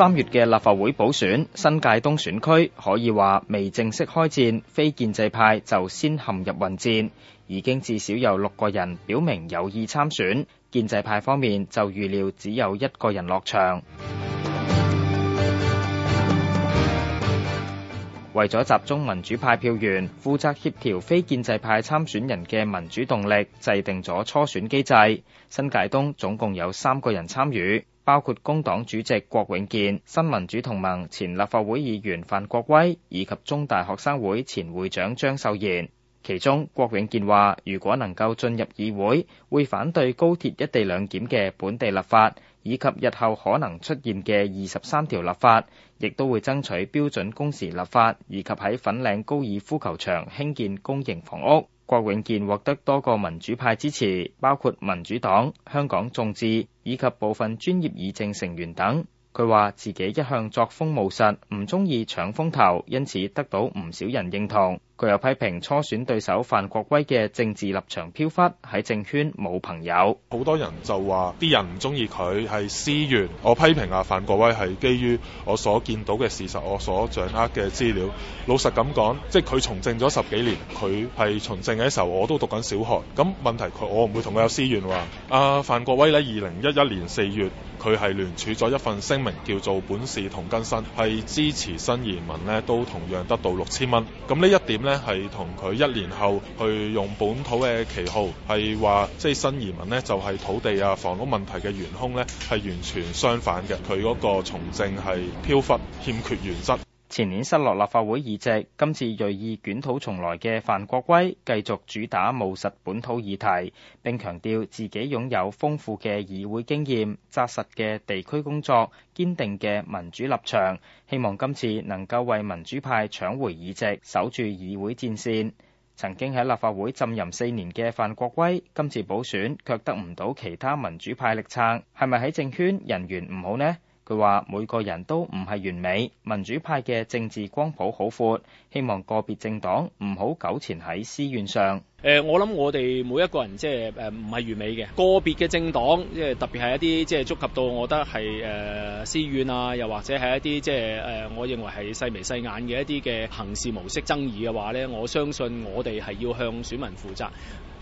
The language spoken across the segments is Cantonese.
三月嘅立法會補選，新界東選區可以話未正式開戰，非建制派就先陷入混戰，已經至少有六個人表明有意參選，建制派方面就預料只有一個人落場。 為咗集中民主派票源，負責協調非建制派參選人嘅民主動力，制定咗初選機制。新界東總共有三個人參與。包括工黨主席郭永健、新民主同盟前立法會議員范國威以及中大學生會前會長張秀賢。其中，郭永健話，如果能夠進入議會，會反對高鐵一地兩檢嘅本地立法，以及日後可能出現嘅二十三條立法，亦都會爭取標準工時立法，以及喺粉嶺高爾夫球場興建公營房屋。郭永健獲得多個民主派支持，包括民主黨、香港眾志以及部分專業議政成員等。佢話自己一向作風務實，唔中意搶風頭，因此得到唔少人認同。佢又批評初選對手范國威嘅政治立場飄忽，喺政圈冇朋友。好多人就話啲人唔中意佢係私怨。我批評啊，范國威係基於我所見到嘅事實，我所掌握嘅資料，老實咁講，即係佢從政咗十幾年，佢係從政嘅時候，我都讀緊小學。咁問題，佢我唔會同佢有私怨。話、啊、阿范國威咧，二零一一年四月，佢係聯署咗一份聲明，叫做本是《本是同根生》，係支持新移民咧，都同樣得到六千蚊。咁呢一點咧。咧係同佢一年後去用本土嘅旗號，係話即係新移民呢，就係、是、土地啊、房屋問題嘅元兇呢，係完全相反嘅。佢嗰個從政係飄忽、欠缺原則。前年失落立法會議席，今次銳意捲土重來嘅范國威，繼續主打務實本土議題，並強調自己擁有豐富嘅議會經驗、紮實嘅地區工作、堅定嘅民主立場，希望今次能夠為民主派搶回議席，守住議會戰線。曾經喺立法會浸淫四年嘅范國威，今次補選卻得唔到其他民主派力撐，係咪喺政圈人緣唔好呢？佢話每個人都唔係完美，民主派嘅政治光譜好闊，希望個別政黨唔好糾纏喺私怨上。誒、呃，我諗我哋每一個人即係誒唔係完美嘅，個別嘅政黨，即係特別係一啲即係觸及到，我覺得係誒、呃、私怨啊，又或者係一啲即係誒，我認為係細眉細眼嘅一啲嘅行事模式爭議嘅話咧，我相信我哋係要向選民負責，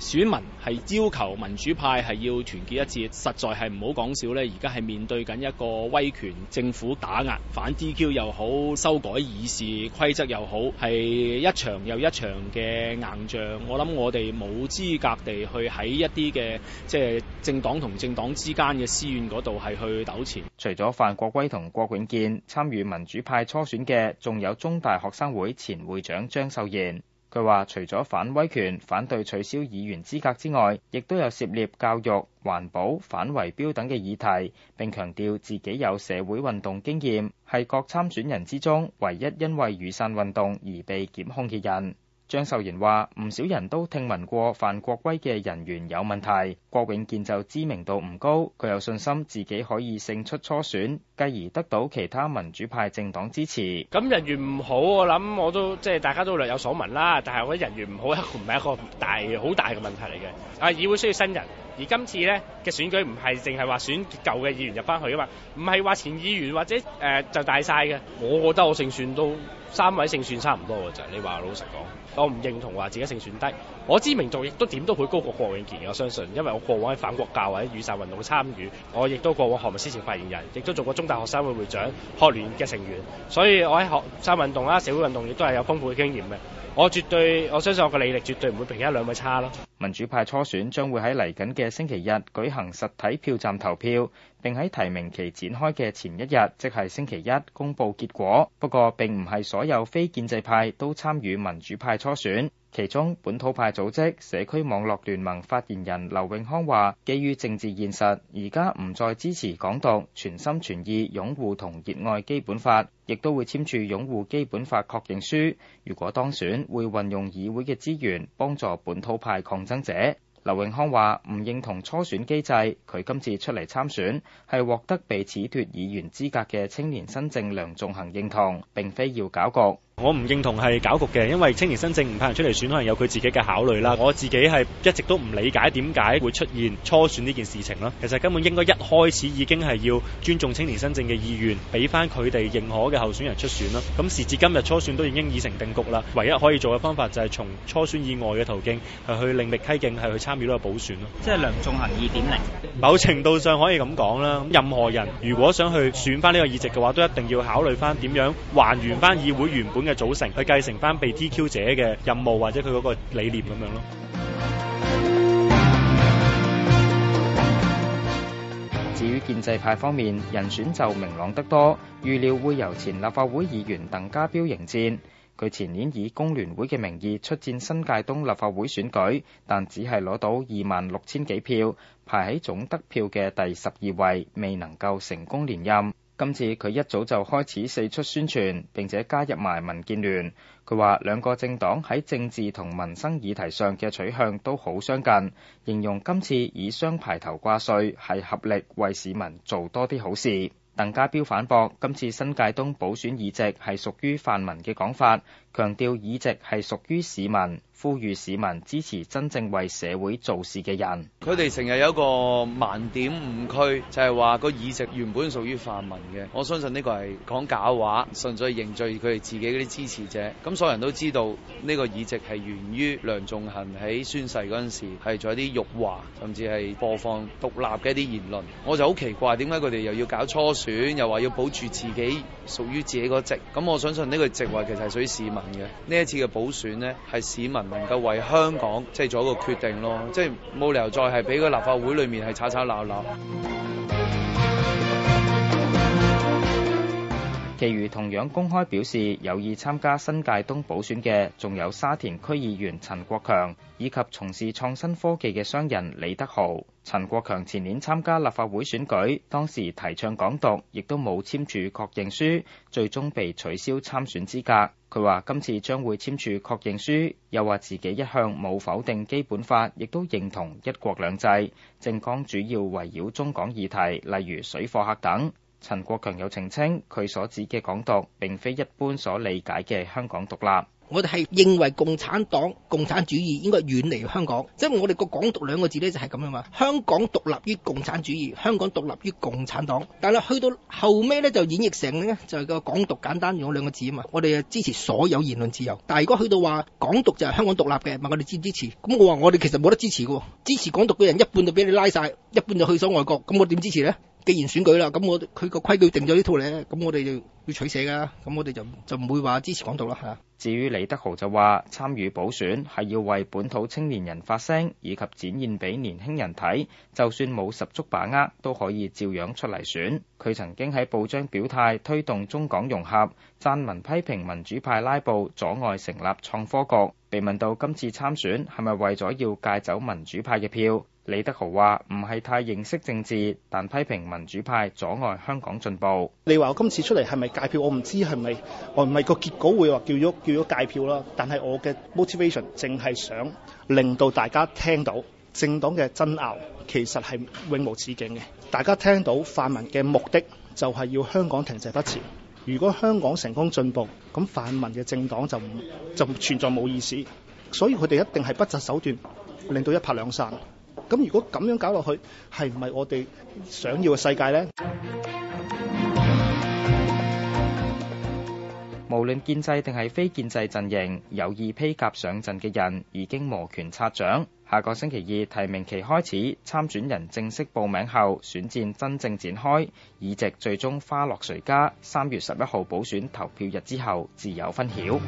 選民係要求民主派係要團結一致，實在係唔好講笑咧，而家係面對緊一個威權政府打壓，反 DQ 又好，修改議事規則又好，係一場又一場嘅硬仗。我諗我。我哋冇資格地去喺一啲嘅即係政黨同政黨之間嘅私怨嗰度係去糾纏。除咗范國威同郭永健參與民主派初選嘅，仲有中大學生會前會長張秀賢。佢話：除咗反威權、反對取消議員資格之外，亦都有涉獵教育、環保、反圍標等嘅議題，並強調自己有社會運動經驗，係各參選人之中唯一因為雨傘運動而被檢控嘅人。張秀賢話：唔少人都聽聞過范國威嘅人緣有問題，郭永健就知名度唔高，佢有信心自己可以勝出初選，繼而得到其他民主派政黨支持。咁人緣唔好，我諗我都即係大家都略有所聞啦。但係我覺得人緣唔好，的確唔係一個大好大嘅問題嚟嘅。啊，議會需要新人。而今次咧嘅選舉唔係淨係話選舊嘅議員入翻去啊嘛，唔係話前議員或者誒、呃、就大晒嘅。我覺得我勝算都三位勝算差唔多嘅啫。你話老實講，我唔認同話自己勝算低。我知名度亦都點都會高過郭永健，我相信，因為我過往喺反國教或者雨傘運動嘅參與，我亦都過往學民思潮發言人，亦都做過中大學生會會長、學聯嘅成員，所以我喺學生運動啦、社會運動亦都係有豐富嘅經驗嘅。我絕對我相信我嘅履歷絕對唔會比一兩位差咯。民主派初選將會喺嚟緊嘅星期日舉行實體票站投票，並喺提名期展開嘅前一日，即係星期一公佈結果。不過並唔係所有非建制派都參與民主派初選。其中，本土派組織社區網絡聯盟發言人劉永康話，基於政治現實，而家唔再支持港獨，全心全意擁護同熱愛基本法，亦都會簽署擁護基本法確認書。如果當選，會運用議會嘅資源幫助本土派抗爭者。劉永康話，唔認同初選機制，佢今次出嚟參選係獲得被褫奪議員資格嘅青年新政梁頌恆認同，並非要搞局。我唔認同係搞局嘅，因為青年新政唔派人出嚟選，可能有佢自己嘅考慮啦。我自己係一直都唔理解點解會出現初選呢件事情咯。其實根本應該一開始已經係要尊重青年新政嘅意願，俾翻佢哋認可嘅候選人出選咯。咁、嗯、時至今日初選都已經已成定局啦，唯一可以做嘅方法就係從初選以外嘅途徑係去另覓蹊徑，係去參與呢個補選咯。即係梁頌恆二點零，某程度上可以咁講啦。任何人如果想去選翻呢個議席嘅話，都一定要考慮翻點樣還原翻議會原本嘅組成去繼承翻被 DQ 者嘅任務或者佢嗰個理念咁樣咯。至於建制派方面，人選就明朗得多，預料會由前立法會議員鄧家彪迎戰。佢前年以工聯會嘅名義出戰新界東立法會選舉，但只係攞到二萬六千幾票，排喺總得票嘅第十二位，未能夠成功連任。今次佢一早就開始四出宣傳，並且加入埋民建聯，佢話兩個政黨喺政治同民生議題上嘅取向都好相近，形容今次以雙排頭掛帥係合力為市民做多啲好事。鄧家彪反駁，今次新界東補選議席係屬於泛民嘅講法，強調議席係屬於市民。呼籲市民支持真正為社會做事嘅人。佢哋成日有一個盲點誤區，就係話個議席原本屬於泛民嘅。我相信呢個係講假話，純粹凝聚佢哋自己嗰啲支持者。咁所有人都知道呢個議席係源於梁頌恆喺宣誓嗰陣時係做一啲辱華，甚至係播放獨立嘅一啲言論。我就好奇怪，點解佢哋又要搞初選，又話要保住自己屬於自己個席？咁我相信呢個席位其實係屬於市民嘅。呢一次嘅補選呢，係市民。能夠為香港即係做一個決定咯，即係冇理由再係俾個立法會裏面係吵吵鬧鬧。其餘同樣公開表示有意參加新界東補選嘅，仲有沙田區議員陳國強以及從事創新科技嘅商人李德豪。陳國強前年參加立法會選舉，當時提倡港獨，亦都冇簽署確認書，最終被取消參選資格。佢話今次將會簽署確認書，又話自己一向冇否定基本法，亦都認同一國兩制。政綱主要圍繞中港議題，例如水貨客等。陳國強有澄清，佢所指嘅港獨，並非一般所理解嘅香港獨立。我哋係認為共產黨、共產主義應該遠離香港，即係我哋個港獨兩個字呢就係咁樣嘛。香港獨立於共產主義，香港獨立於共產黨。但係去到後尾呢，就演繹成呢，就係個港獨簡單用兩個字啊嘛。我哋支持所有言論自由，但係如果去到話港獨就係香港獨立嘅，問我哋支唔支持？咁我話我哋其實冇得支持嘅，支持港獨嘅人一半就俾你拉晒，一半就去咗外國，咁我點支持呢？既然選舉啦，咁我佢個規矩定咗呢套嚟咧，咁我哋就要取捨噶，咁我哋就就唔會話支持港獨啦。哈！至於李德豪就話，參與補選係要為本土青年人發聲，以及展現俾年輕人睇，就算冇十足把握，都可以照樣出嚟選。佢曾經喺報章表態推動中港融合，撰文批評民主派拉布阻礙成立創科局。被問到今次參選係咪為咗要戒走民主派嘅票？李德豪話：唔係太認識政治，但批評民主派阻礙香港進步。你話我今次出嚟係咪界票？我唔知係咪，我唔係個結果會話叫咗叫咗界票啦。但係我嘅 motivation 淨係想令到大家聽到政黨嘅爭拗其實係永無止境嘅。大家聽到泛民嘅目的就係要香港停滯不前。如果香港成功進步，咁泛民嘅政黨就唔就存在冇意思，所以佢哋一定係不擇手段令到一拍兩散。咁如果咁樣搞落去，係唔係我哋想要嘅世界呢？無論建制定係非建制陣營，有意披甲上陣嘅人已經摩拳擦掌。下個星期二提名期開始，參選人正式報名後，選戰真正展開，議席最終花落誰家？三月十一號補選投票日之後，自有分曉。